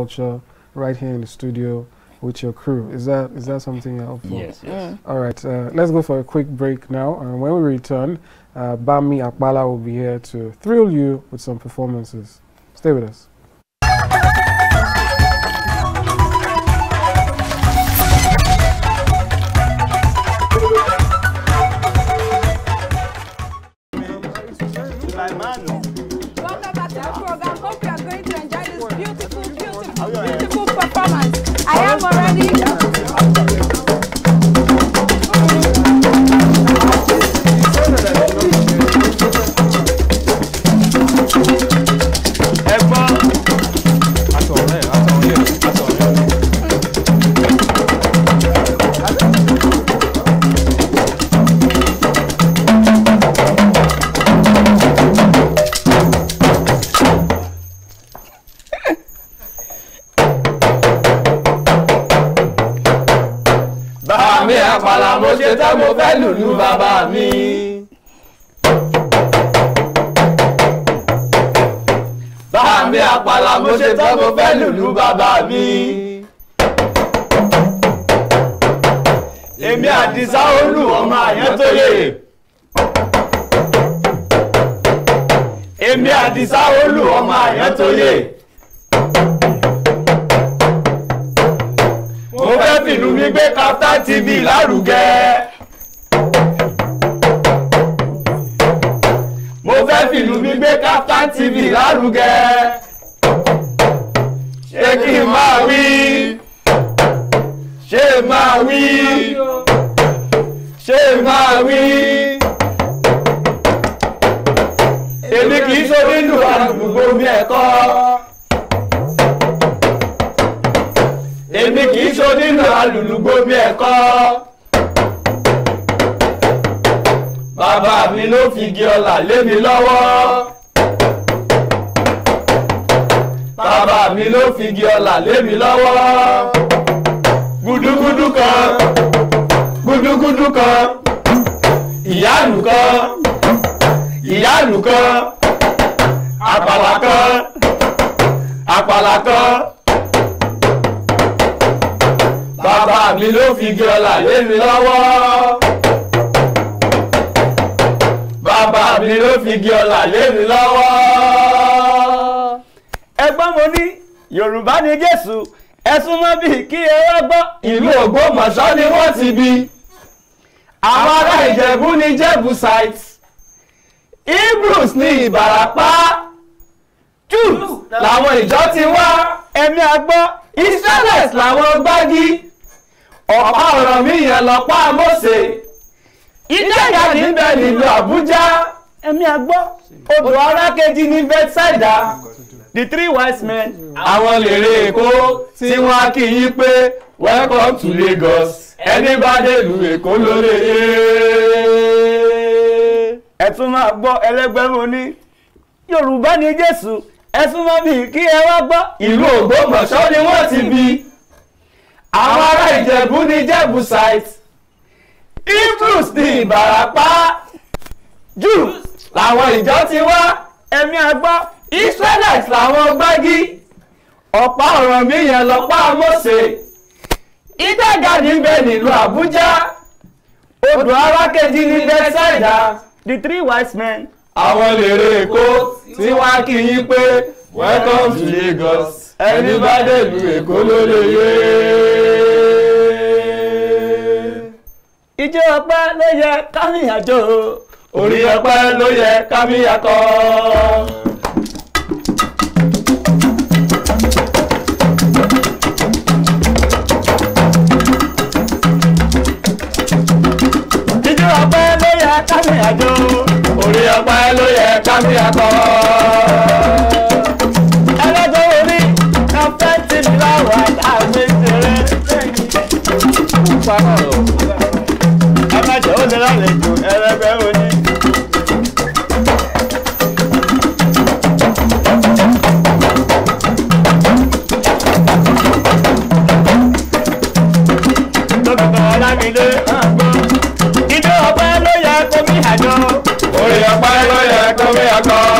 culture right here in the studio with your crew. Is that is that something helpful? Yes. yes. All right. Uh, let's go for a quick break now, and when we return, uh, Bami Akbala will be here to thrill you with some performances. Stay with us. pẹ̀lú bàbá mi. bàbá mi àpàlà mo ṣe tán mo fẹ́ lùlù bàbá mi. èmi àdìsá olú ọmọ àyẹ́tòyè. èmi àdìsá olú ọmọ àyẹ́tòyè. mo fẹ́ fìlú mi gbé Kaftan TV lárugẹ. Kaftan TV lárugẹ ṣé kí n máa wí ṣé máa wí ṣé máa wí èmi kì í ṣe nínú àdúgbò mi ẹ̀kọ́. èmi kì í ṣe nínú alùlùgbò mi ẹ̀kọ́. bàbá mi ló fi igi ọlà lé mi lọ́wọ́ bàbá mi ló figi ọlà lé mi lọ́wọ́. gudugudu kan gudugudu kan ìyáàlú kan ìyáàlú kan àpàlà kan àpàlà kan. bàbá mi ló figi ọlà lé mi lọ́wọ́. bàbá mi ló figi ọlà lé mi lọ́wọ́ yorùbá ni jésù ẹ̀sùn mọ́ bíi kí ẹ wá gbọ́. ìlú ògbómọ̀ṣọ́ ni wọ́n ti bí àwọn ará ìjẹ̀bú ni jẹ́bùsáìtì hebrews ni ìbàràpá jews làwọn ìjọ ti wá ẹ̀mí àgbọ́ israelites làwọn gbági ọ̀pá ọ̀rọ̀ mi yẹn lọ́pá Mósè ìdájà níbẹ̀ nílùú àbújá ẹ̀mí àgbọ́ odò arákejì ní bethsaida the three wise men. Mm. àwọn lèrè èkó tí wọ́n á kí yín pé welcome to Lagos ẹni bá dé ìlú èkó ló lè ẹ tún máa gbọ́ ẹlẹ́gbẹ́rún ní Yorùbá ni Jésù ẹ tún máa bì kí ẹ wá gbọ́. ìlú Ògbómọ̀ṣọ́ ni wọ́n ti bí àwọn ará Ìjẹ̀bú ni Jẹ̀bú site hebrews ni Ìbàràpá Jews làwọn ìjọ ti wá ẹ̀mí àgbà israelites làwọn gbági ọ̀pá ọ̀ràn mi yẹn lọ́pá Mósè ìdàgà níbẹ̀ nílùú àbújá odò arákejì ní bẹ́sẹ̀dá. the three wise men. àwọn lèrè èkó tí wàá kí yín pé welcome to Lagos ẹni bá dẹ̀lú èkó ló lè yé. ìjọ ọpẹ́ ló yẹ kámi àjò orí ọpẹ́ ló yẹ kámi akọ. àjò orí ọgbà ẹ ló yẹ ká fi àtọ. ẹlẹ́jọ́ orí ká fẹ́ tì mí láwọn àmì ìṣeré. Baba.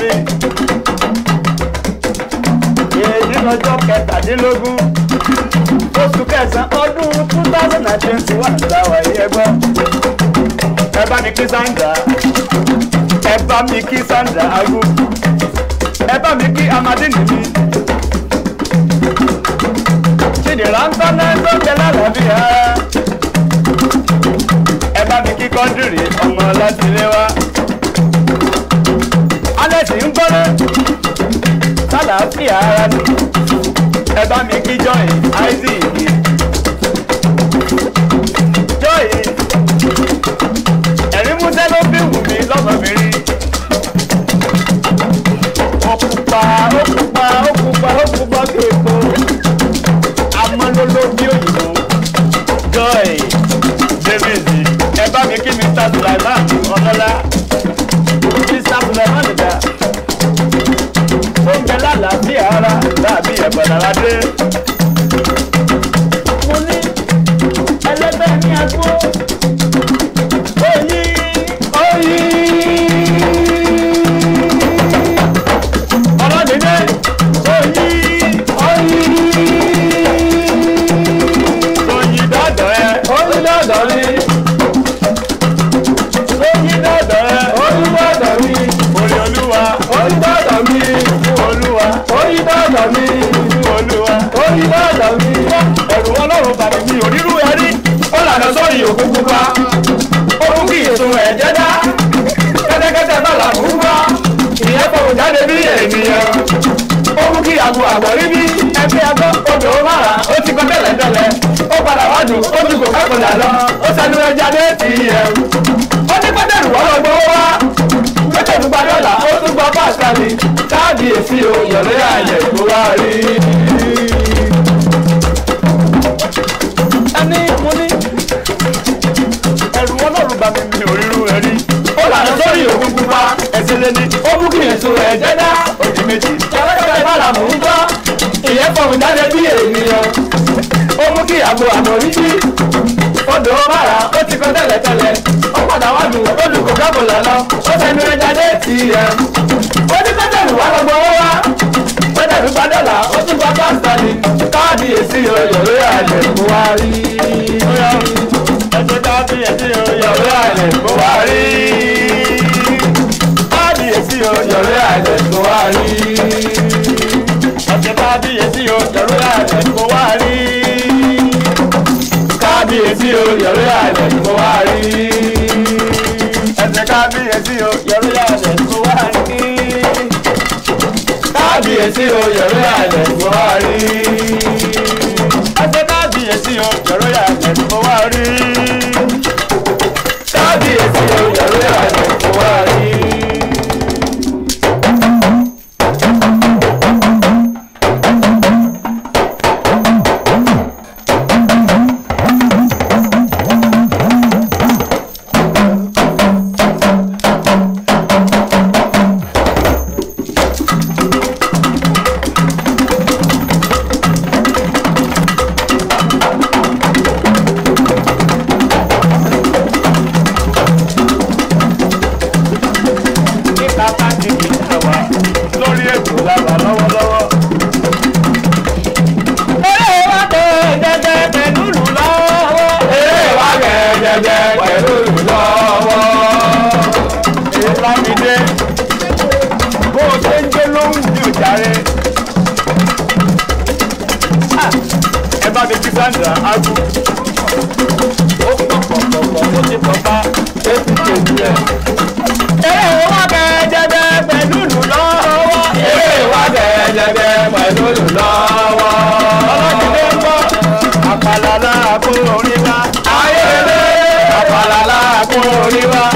mi èyí lọ́jọ́ kẹtàdínlógún oṣù kẹsàn-án ọdún two thousand and twenty one láwa yìí ẹ gbọ́ ẹ bá mi kí Sandra ẹ bá mi kí Sandra agu ẹ bá mi kí Amadi nìmi Chidera ń tán náà tó jẹ lára bí i ẹ bá mi kí Kọ́ndìrì ọmọ láti lé wá alẹ́ sì ń gbọ́nà sálàáfíà ara ni ẹ bá mi kíjọ́ ẹ̀ áìsì yìí. lọ́dọ̀ mi. olúwa ó ní lọ́dọ̀ mi. ẹ̀rù ọlọ́run bàbá mi ò rírú ẹ rí. ó lànà sórí òkú pupa. ó mú kí ìsun ẹ̀ jẹ́dá. kẹ́tẹ́kẹ́tẹ́ bá làkú wá. ìyẹn fọwọ́ jáde bí ènìyàn. ó mú kí àgbo àgbọ̀ rí bí. ẹgbẹ́ agbọ́ odò mara ó ti kọ́ tẹ́lẹ̀tẹ́lẹ̀. ó padà wá dùn ó dùn kò kákòdà lọ. ó sanu ẹja dé ti yẹ. ó ní pẹ́tẹ́rù wọ́n lọ gbowó wá. pẹ́tẹ́rù gbadọ́là ó tún gbọ́ bá àkàlì káàdì èsì o. àgbo àmọ̀rí bí odò mara ó ti kọ́ tẹ́lẹ̀tẹ́lẹ̀ ó padà wá dùn ó dùn kò kábọ̀ lọ́lọ́ ó fẹ́mi rẹ̀ jáde tì í rẹ̀ ó ní pẹ́tẹ́lù wá lọ́gbọ́ ó wá pẹ́tẹ́lù gba dọ́là ó tún gba pásítà ni káàdì èsì ọyọ̀ ló yà lẹ̀ kó wá rí. ẹjọ́ káàdì èsì ọyọ̀ ló yà lẹ̀ kó kábíyèsí o yọ̀rọ̀ àṣẹ tí mo wá rí. ẹsẹ̀ kábíyèsí o yọ̀rọ̀ àṣẹ tí mo wá rí. kábíyèsí o yọ̀rọ̀ àṣẹ tí mo wá rí. ẹsẹ̀ kábíyèsí o yọ̀rọ̀. gbàgbà agbó. ó pọ̀pọ̀pọ̀ ó ti pọ̀pá ó ti tèjú ẹ̀. eré wa bẹ̀ẹ́ jẹ́jẹ́ pẹ̀lú ìlú lọ́wọ́. eré wa bẹ̀ẹ́ jẹ́jẹ́ pẹ̀lú ìlú lọ́wọ́. ọlọ́dúnlé ń bọ́ àpàlà láàbò orí wa. ayé lè àpàlà láàbò orí wa.